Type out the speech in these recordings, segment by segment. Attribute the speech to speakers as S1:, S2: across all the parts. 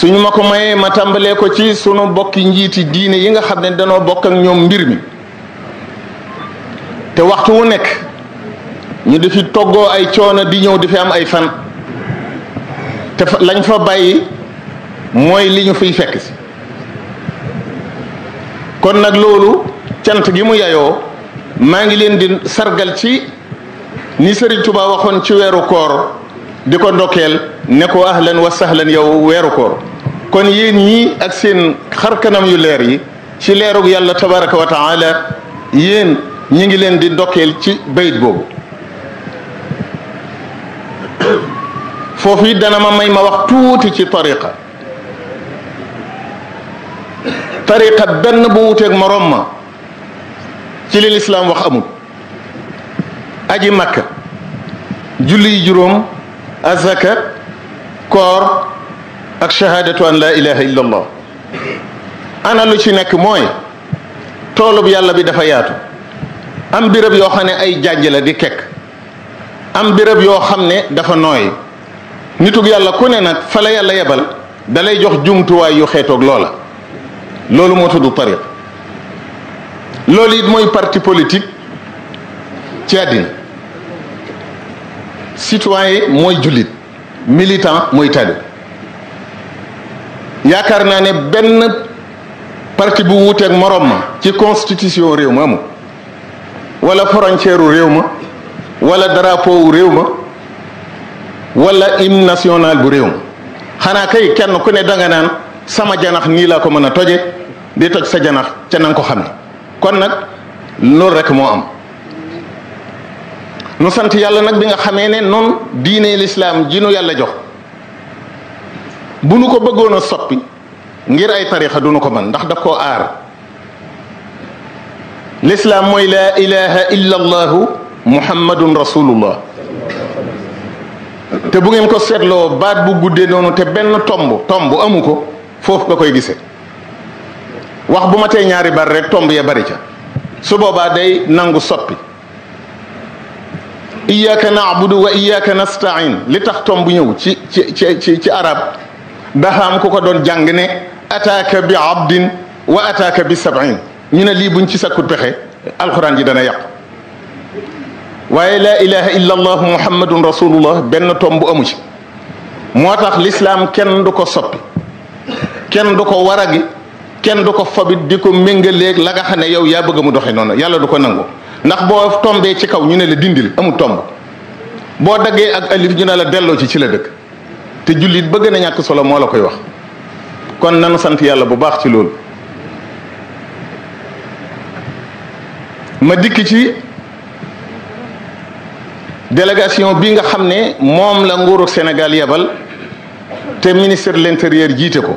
S1: suñu ma ko mayee ma tàmbalee ko ci sunu bokki njiiti diine yi nga xam ne danoo bokk ak ñoom mbir mi te waxtu wu nekk ñu di fi toggoo ay coono di ñëw di fi am ay fan te lañ fa bàyyi mooy li ñu fiy fekk si kon nag loolu cant gi mu yayoo maa ngi leen di sargal ci ni sëriñ Touba waxoon ci weeru koor di ko ndokkeel ne ko ahlan wa sahlan yow weeru koor kon yéen yi ak seen xar kanam yu leer yi ci leerug yàlla tabaraka wa taala yéen ñi ngi leen di ndokkel ci bayit bobu foofu dana ma may ma wax tuuti ci tariqa tariqa benn bu wuteeg morom ma ci li lislaam wax amul aji makka julli juróom azaka koor ak shahadatu an la ilaha illa allah ci nekk mooy toolub yàlla bi dafa yaatu am béréb yoo xam ne ay jàjj la di kekk am bërëb yoo xam ne dafa nooy nitug yàlla ku ne nag fa la yàlla yebal dalay jox jumtuwaay yu xeetoog loola loolu moo tudd tariq loolu it mooy parti politique ci àddina citoyen mooy jullit militant mooy taalibe yaakaar naa ne benn parti bu wuuteeg moroom ma ci constitution réew ma amul walla frontière réew ma wala drapeau réew ma wala hymne national bu réew ma xanaa kay kenn ku ne danga naan sama janax nii laa ko mën a toje di toj sa janax ca na ko xam kon nag loolu rekk moo am nu sant yàlla nag bi nga xamee ne noonu diine lislaam ji nu yàlla jox bu nu ko bëggoon a soppi ngir ay tarixa du nu ko man ndax daf koo aar lislaam mooy laa ilaha illa allahu muhammadun te bu ngeen ko seetloo baat bu guddee noonu te benn tomb tomb amu ko foofu nga koy gise wax bu ma tee ñaari bar rek tomb ya bari ca su boobaa day nangu soppi iyyaka na'budu wa iyyaka nasta'in li tax tomb ñëw ci ci ci ci arab dafa am ku ko doon jàng ne ataaka bi abdin wa ataaka bi sabin ñu ne lii buñ ci sakkut pexe alxuraan ji dana yàq waaye laa ilaha illa allahu muhammadun rasulullah benn tomb amu ci moo tax lislaam kenn du ko soppi kenn du ko waragi kenn du ko fobit di ko méngaleeg la nga ne yow yaa bëgg mu doxe noonu yàlla du ko nangu ndax boo tombee ci kaw ñu ne la dindil amul tomb boo daggee ak alif ñu ne la delloo ci ci la dëkk te jullit bëgg na ñàkk solo moo la koy wax kon nanu sant yàlla bu baax ci loolu ma dikk ci délégation bi nga xam ne moom la nguuru Sénégal yebal te ministre de l'intérieur jiite ko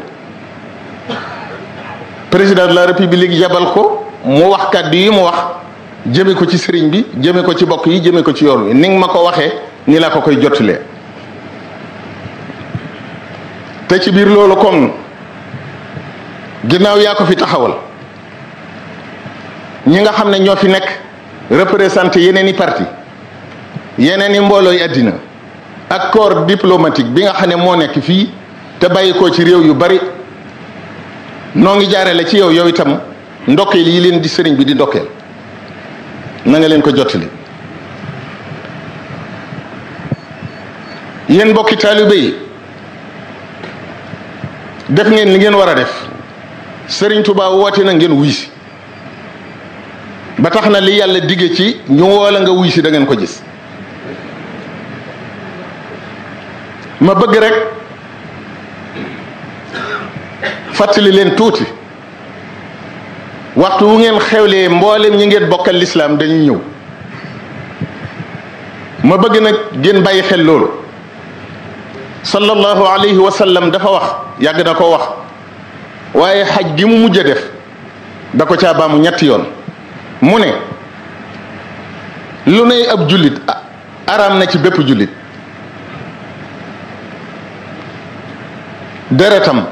S1: président de la république yebal ko mu wax kàddu yi mu wax jëme ko ci sëriñ bi jëme ko ci bokk yi jëme ko ci yoon wi ni ma ko waxee ni laa ko koy jottalee te ci biir loolu kon ginnaaw yaa ko fi taxawal ñi nga xam ne ñoo fi nekk représenté yeneen i parti yeneen i mbooloo àddina ak corps diplomatique bi nga xam ne moo nekk fii te bàyyi ko ci réew yu bari noo ngi jaarale ci yow yow itam ndokkeel yi leen di sëriñ bi di ndokkeel na nga leen ko jottali yéen mbokki taalibe yi def ngeen li ngeen war a def sëriñ Tuubaa woote na ngeen wuy si ba tax na li yàlla digge ci ñu woo la nga wuy si da ngeen ko gis ma bëgg rek fàttali leen tuuti waxtu wu ngeen xewlee mboolem ñi ngeen bokkal lislaam dañu ñëw ma bëgg nag ngeen bàyyi xel loolu sallallahu alayhi wa dafa wax yàgg na ko wax waaye xaj gi mu mujj a def da ko caa baamu ñetti yoon mu ne lu ne ab jullit araam na ci bépp jullit deretam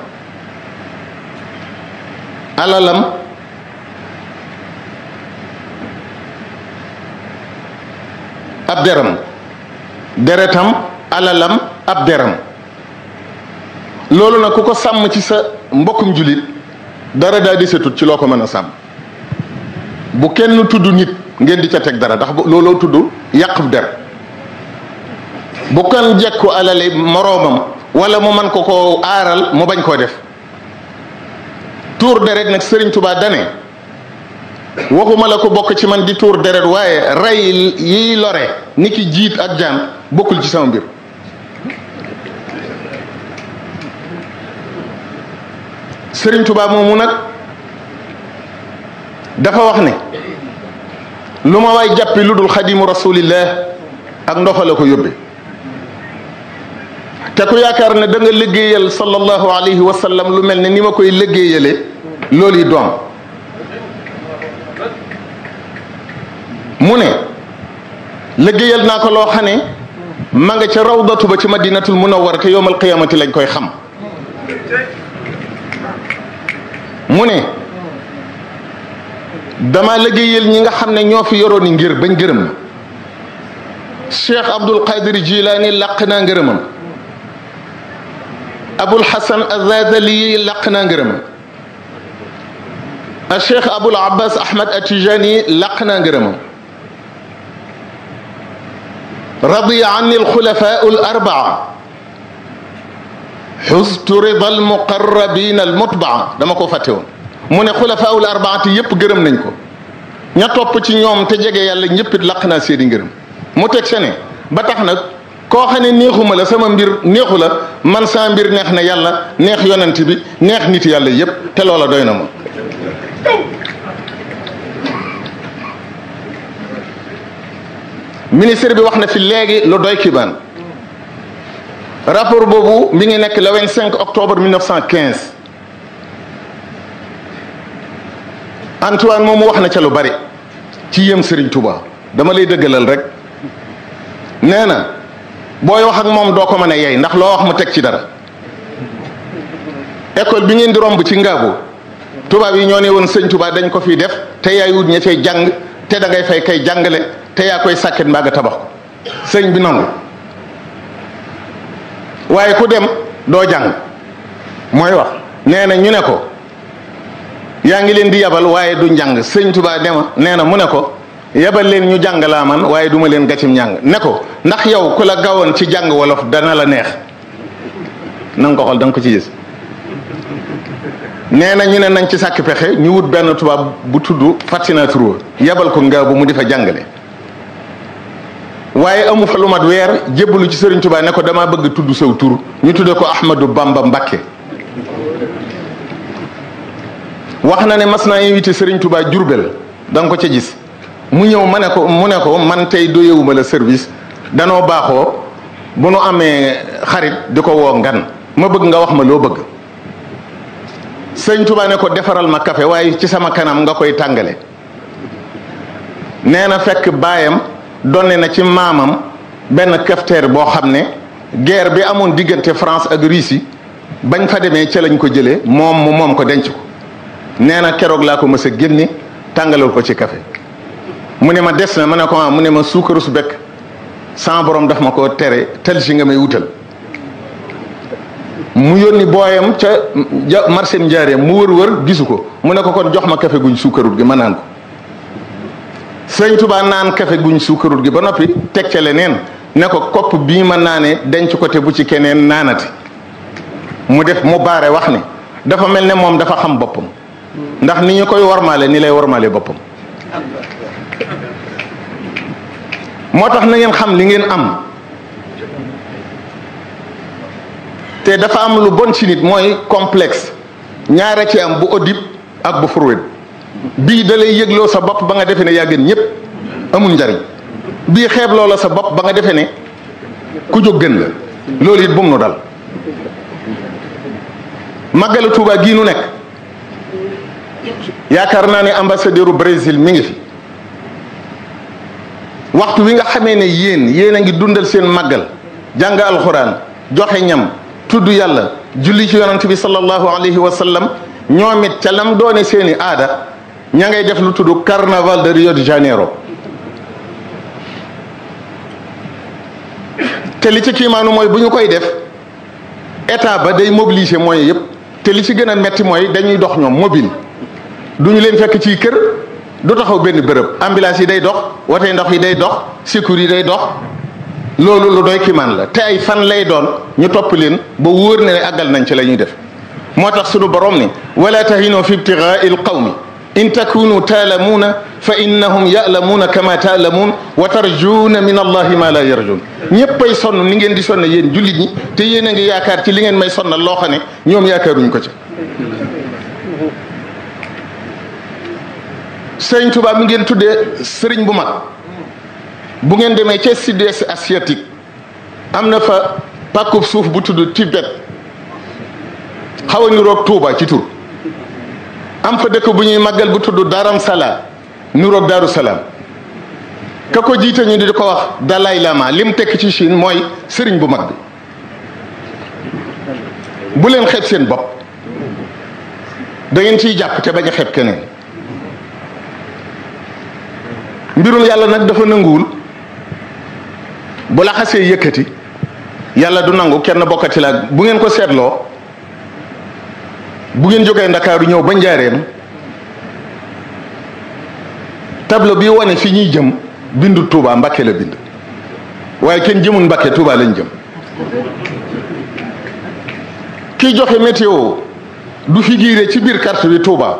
S1: alalam ab deram deretam alalam ab deram loolu nag ku ko sàmm ci sa mbokkum jullit dara daa desatut ci loo ko mën a sàmm bu kenn tudd nit ngeen di ca teg dara ndax looloo tudd yàqub der bu kan jekku alali moroomam wala mu man ko ko aaral mu bañ koo def tuur deret nag sëriñ tubaa dane waxuma la ko bokk ci man di tuur deret waaye rey yi lore ni ki jiit ak jaan bokkul ci sama mbir serigne touba momu nak dafa wax ne luma way jàppi lu khadim rasulillah ak ndoxa ko yóbbe te ku yaakaar ne da nga liggeyal sallallahu alayhi wa sallam lu melni nima koy liggéeyale loli dom mune liggeyal nako lo xane ma nga ci rawdatu ba ci madinatul munawwar te yowmal qiyamati lañ koy xam mu ne dama liggéeyal ñi nga xam ne ñoo fi yoroon i ngir bañ gërëm na cheikh abdul qadir jilaani làq naa ngërëmam abul hasan azazali làq naa ngërëmam a cheikh abul abbas ahmad atijani làq naa ngërëmam radiya anni alxulafaa al arbaa xustu ridal muqarrabin al mutbaa dama ko fàtte woon mu ne xulafaawul arbaati yépp gërëm nañ ko ña topp ci ñoom te jege yàlla ñéppit laq naa seeni ngërëm mu teg sa ba tax nag koo xam ne neexuma la sama mbir neexu la man saa mbir neex na yàlla neex yonent bi neex nit yàlla yépp te loola doy na ma ministre bi wax na fi léegi lu doy kibaan rapport boobu mi ngi nekk le 25 octobre 1915 Antoine moomu wax na ca lu bari ci yëm sëriñ Touba dama lay dëggalal rek nee na booy wax ak moom doo ko mën a yey ndax loo wax mu teg ci dara école bi ngeen di romb ci Ngabo tubaab yi ñoo ne woon sëñ Touba dañ ko fii def te yaay wut ña cay jàng te da ngay fay kay jàngale te yaa koy sàkket mbaa nga tabax ko sëñ bi nangu. waaye ku dem doo jàng mooy wax nee na ñu ne ko yaa ngi leen di yabal waaye du jàng sëñ Tuubaa dema nee na mu ne ko yabal leen ñu jàng laa man waaye duma leen gàccim njàng ne ko ndax yow ku la gawoon ci jàng wolof dana la neex na nga ko xool da ko ci gis nee na ñu ne nañ ci sàkki pexe ñu wut benn tubaab bu tudd Fatina Touré yabal ko nga bu mu di fa jàngale waaye amu fa lu mat weer jébbalu ci Serigne Touba ne ko damaa bëgg tudd saw tur ñu tuddee ko Ahmadou Bamba Mbakke wax na ne mas naa invité sëriñ tubaa Jurbel da nga ko ca gis mu ñëw ma ne ko mu ne ko man tey doyewuma la service danoo baaxoo bu nu amee xarit di ko woo ngan ma bëgg nga wax ma loo bëgg Sëriñ Touba ne ko defaral ma kafe waaye ci sama kanam nga koy tàngale nee na fekk baayam donne na ci maamam benn kefteer boo xam ne guerre bi amoon diggante France ak Russie bañ fa demee ca lañ ko jëlee moom mu moom ko denc ko nee na keroog laa ko ma a génne tàngalal ko ci kafe mu ne ma des na ma ne ko ah mu ne ma suukaru su bekk sans borom daf ma ko tere tel si nga may wutal mu yónni booyam ca marché njaareem mu wër wër gisu ko mu ne ko kon jox ma café guñ suukarut gi ma naan ko sëñ Tuba naan kafe guñ suukarut gi ba noppi teg ca leneen ne ko kopp bii ma naanee denc ko te bu ci keneen naanati mu def mu baare wax ne dafa mel ne moom dafa xam boppam ndax ni ñu koy warmaale ni lay warmaale boppam moo tax na ngeen xam li ngeen am te dafa am lu bon ci nit mooy complexe ñaara ci am bu Oedipe ak bu Freud bii da yégloo sa bopp ba nga defee ne yaa gën ñëpp amul njariñ bii xeeb loola sa bopp ba nga defee ne ku jóg gën la loolu it bu nu dal màggalu Tuubaa gii nu nekk yaakaar naa ne ambassadeuru Brésil mi ngi fi waxtu wi nga xamee ne yéen yéen a ngi dundal seen màggal jàng alxuraan joxe ñam tudd yàlla julli ci yonent bi sallallahu alayhi wa sallam ñoom it ca lam doone seeni aada ña ngay def lu tudd carnaval de Rio de Janeiro te li ci kiimaanu mooy bu ñu koy def état ba day mobiliser moyens yëpp te li ci gën a metti mooy dañuy dox ñoom mobile du ñu leen fekk ci kër du taxaw benn bërëb ambulance yi day dox watee ndox yi day dox secours yi day dox loolu lu doy kiimaan la te ay fan lay doon ñu topp leen ba wóor ne ne àggal nañ ci la ñuy def moo tax sunu borom ni wala tahinu fi ibtigaa il qawmi in takunu taalamuuna fa innahum yaalamuuna kama taalamuun wa tarjuuna min allahi ma la yarjuun ñëppay sonn ni ngeen di sonn yéen jullit ñi te yéen a ngi yaakaar ci li ngeen may sonnal loo xam ne ñoom yaakaaruñ ko ci sëriñ Tuubaa mi ngeen tuddee sëriñ bu mag bu ngeen demee ca sud-est asiatique am na fa pàkkub suuf bu tudd Tibet xaw a niroog ci tur am fa dëkk bu ñuy màggal bu tudd daram sala nuroog daaru salaam ka ko jiite ñu di ko wax Dalai Lama lim tekk ci siin mooy sëriñ bu mag bi bu leen xeeb seen bopp dangeen ciy jàpp te bañ a xeeb keneen mbirum yàlla nag dafa nanguwul bu la xasee yëkkati yàlla du nangu kenn bokkati la bu ngeen ko seetloo bu ngeen jógee ndakaaru ñëw ba njaareem tableau bi wane fi ñuy jëm bindu Touba Mbàkke la bind waaye kenn jëmul Mbàkke tuubaa lañ jëm kiy joxe météo du figuré ci biir carte bi Touba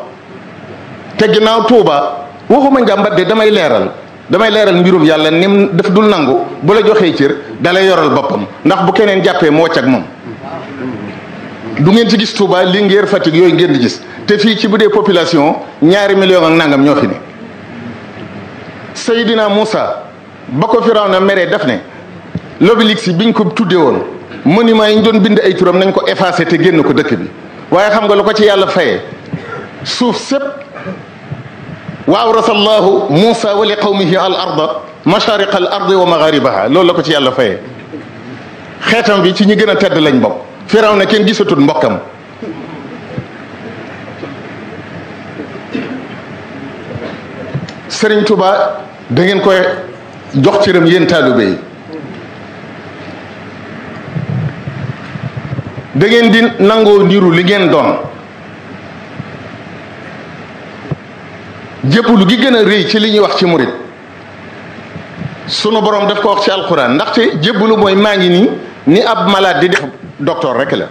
S1: te ginnaaw Touba waxuma njàmbat de damay leeral damay leeral mbirum yàlla nim def dul nangu bu la joxee cër dalay yoral boppam ndax bu keneen jàppee moo wacc moom du ngeen ci gis Touba li ngeer fatik yoy ngeen di gis te fi ci budé population ñaari million ak nangam ñoo fi ne sayidina musa bako Firawna mere daf ne l'obélisque biñ ko tuddé won monument yi ñu doon bind ay turam nañ ko effacer te génn ko dëkk bi waye xam nga lu ko ci yàlla fayé suuf sépp wa awrasa musa wa liqawmihi al arda mashariq al ardi wa magharibaha loolu la ko ci yàlla fayé xeetam bi ci ñi gëna tedd lañ bokk firaw na kenn gisatul mbokkam sëriñ Touba da ngeen koy jox cëram yéen taalibe yi da ngeen di nangoo niru li ngeen doon jëpplu gi gën a rëy ci li ñuy wax ci murit sunu boroom daf ko wax ci alxuraan ndaxte jëpplu mooy maa ngi nii ni ab malade di def docteur rek la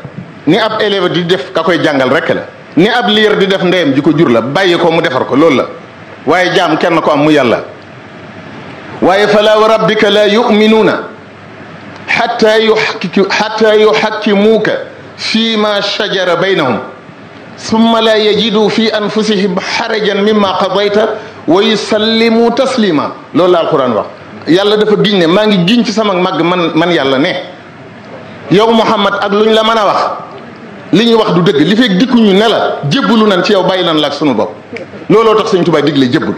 S1: ni ab élève di def ka koy jàngal rek la ni ab lire di def ndeyam jiko jur la bàyyi ko mu defar ko lol la waye jam kenn ko am mu yàlla waye fala wa rabbika la yu'minuna hatta yuxakkiku hatta yuxakkimuuka fi ma shajara bainahum thumma la yajidu fi anfusihim harajan mimma qadayta wa yusallimu taslima lol la alquran wax yàlla dafa giñ ne ngi giñ ci sama mag man man yàlla ne yow Muhammad ak luñ la mën a wax li ñuy wax du dëgg li fekk ñu ne la jébbalu nan ci yow bàyyi nan la ak sunu bopp looloo tax Sëñ Tuubaa digle jébbalu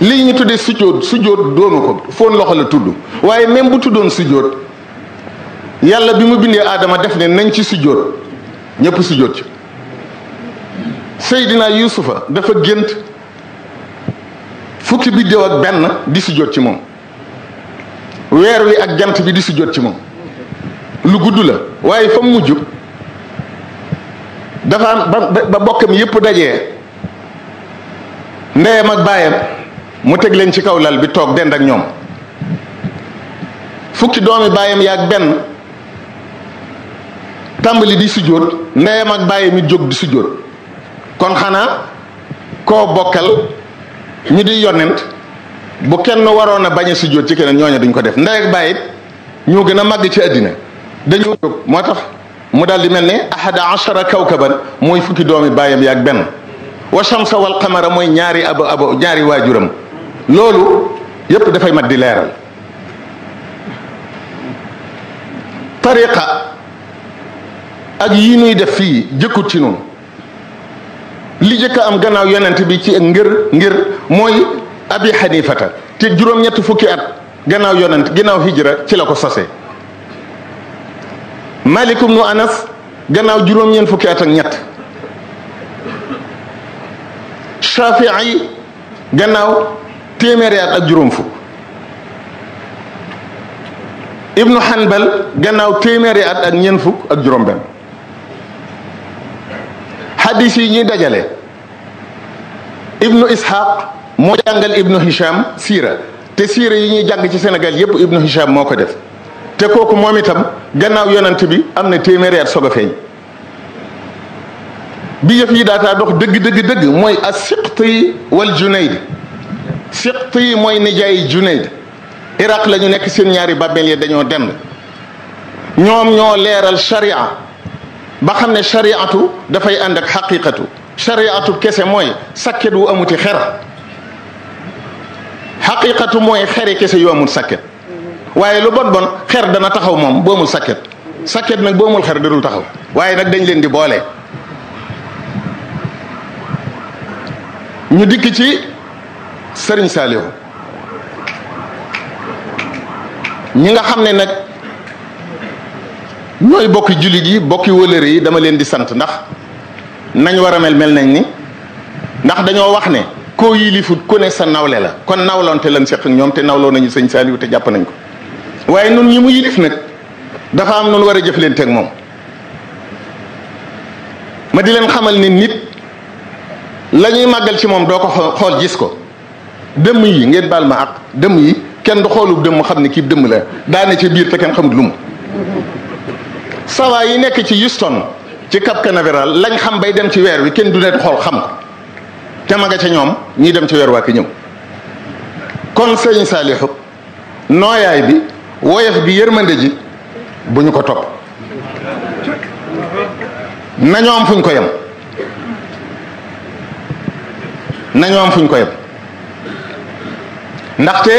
S1: lii ñu tuddee sujjóot sujjóot doonu ko foon loxo la tudd waaye même bu tuddoon sujjóot yàlla bi mu bindee aadama def ne nañ ci sujjóot ñépp sujjóot ci sëydinaa Yuusufa dafa gént fukki biddéew ak benn di sujjóot ci moom weer wi ak jant bi di si jot ci moom lu gudd la waaye fa mu mujj dafa am ba bokkam yépp daje ndeyam ak baayam mu teg leen ci kaw lal bi toog dend ak ñoom fukki doomi baayam yaag benn tàmbali di sujjóot ndeyam ak baayam it jóg di sujjóot kon xanaa koo bokkal ñu di yonent bu kenn waroon a bañ a sujjóot ci keneen ñooñu duñ ko def ndey ak baay it ñoo gën a màgg ci àddina dañoo jóg moo tax mu daal di mel ne ahada achara kawkaban mooy fukki doomi baayam yaag benn wa shamsa wal qamara mooy ñaari aba aba ñaari waajuram loolu yépp dafay mat di leeral tariqa ak yi nuy def fii jëkkut ci noonu li jëkk am gannaaw yonent bi ci ngir ngir mooy abi xanifata te juróom-ñett fukki at gannaaw yonent gannaaw hijra ci la ko sose malik ibnu anas gannaaw juróom-ñeent fukki at ak ñett shafii gannaaw téeméeri at ak juróom fukk ibnu hanbal gannaaw téeméeri at ak ñeent fukk ak juróom benn xadis yi dajale ibnu ishaq mo jàngal ibnu hisham sira te sira yi ñi jàng ci sénégal yépp ibnu hisham moko def te koku momitam gannaaw yonent bi amna téméré at soga a bi yëf yi data dox deug deug deug moy a wal junayd siqti moy mooy junayd iraq lañu nek seen ñaari babel yi dañoo dem ñom ñoo leral sharia ba xamne ne shariatu dafay ànd ak haqiqatu shariatu kese moy sakket amuti xer xaqiqatu mooy xere kese yu sàkket waaye lu bon bon xer dana taxaw moom boo amul sakket sakket nag boo amul xer dadul taxaw waaye nag dañ leen di boole. ñu dikk ci sëriñ Saliou ñi nga xam ne nag ñooy bokki jullit yi bokki wëlëre yi dama leen di sant ndax nañ war a mel mel nañ ni ndax dañoo wax ne. koo yilifut ku ne sa nawle la kon nawlonte lan seq ak ñoom te nawloo nañu sañ Saliou jàpp nañ ko waaye nun ñi mu yilif nag dafa am nun war a jëflante ak moom ma di leen xamal ne nit lañuy màggal ci moom doo ko xool gis ko dëmm yi ngeen baal ma ak dëmm yi kenn du xoolu dëmm xam ne kii dëmm la daane ca biir te kenn xamut lu mu sawaa yi nekk ci Houston ci Cap Canaveral lañ xam bay dem ci weer wi kenn du ne xool xam ko te ma nga ñoom ñii dem ci weer waa ki ñëw kon sëriñ Saalihu nooyaay bi woyof bi yërmande ji bu ñu ko topp nañoom fuñ ko yem nañu am fuñ ko ndaxte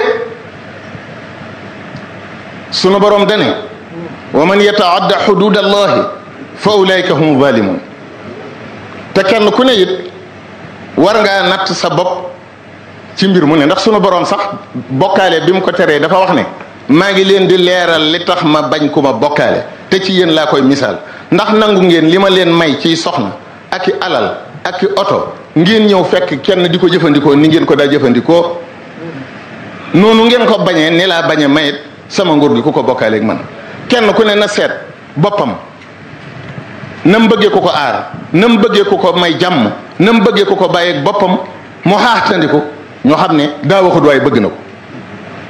S1: sunu boroom dane wa man yataadda xuduud allahi fa ulaayka hum zalimun te kenn ku ne it war ngaa natt sa bopp ci mbir mu ne ndax sunu boroon sax bokkaale bi mu ko teree dafa wax ne maa ngi leen di leeral li tax ma bañ ku ma bokkaale te ci yéen laa koy misaal ndax nangu ngeen li ma leen may ciy soxna ak i alal ak i oto ngeen ñëw fekk kenn di ko jëfandikoo ni ngeen ko daa jëfandikoo noonu ngeen ko bañee ni laa bañee mayit sama nguur gi ku ko bokkaaleeg man kenn ku ne na seet boppam nam bëggee ku ko aar nam bëggee ku ko may jàmm nam bëgge ko ko baye ak bopam mu haatandiko ñu xamne da waxu do bëgg nako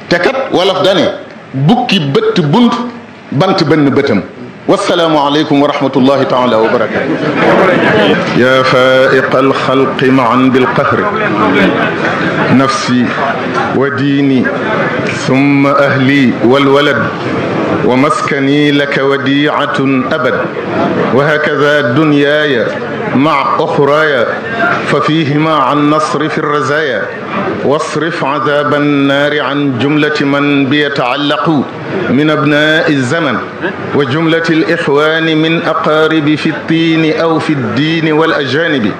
S1: te kat walaf dane bukki bëtt bunt bant ben bëttam والسلام عليكم ورحمة الله تعالى وبركاته يا فائق الخلق معا بالقهر نفسي وديني ثم أهلي والولد ومسكني لك وديعة أبد وهكذا دنياي مع أخرايا ففيهما عن نصر في الرزايا واصرف عذاب النار عن جملة من بيتعلق من أبناء الزمن وجملة الإخوان من أقارب في الطين أو في الدين والأجانب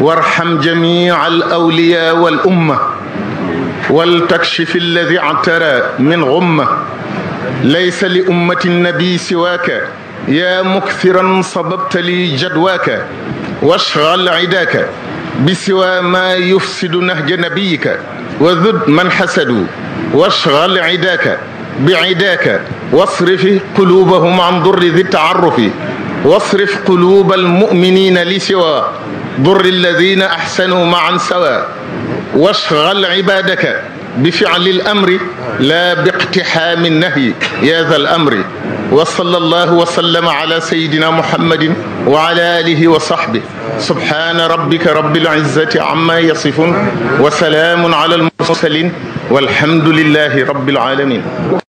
S1: وارحم جميع الأولياء والأمة ولتكشف الذي اعترى من غمة ليس لأمة النبي سواك يا مكثرا صببت لي جدواك واشغل عداك بسوى ما يفسد نهج نبيك وذد من حسدوا واشغل عداك بعداك واصرف قلوبهم عن ضر ذي التعرف واصرف قلوب المؤمنين لسوى ضر الذين أحسنوا معا سوى واشغل عبادك بفعل الأمر لا باقتحام النهي يا ذا الأمر وصلى الله وسلم على سيدنا محمد وعلى آله وصحبه سبحان ربك رب العزة عما يصفون وسلام على المرسلين والحمد لله رب العالمين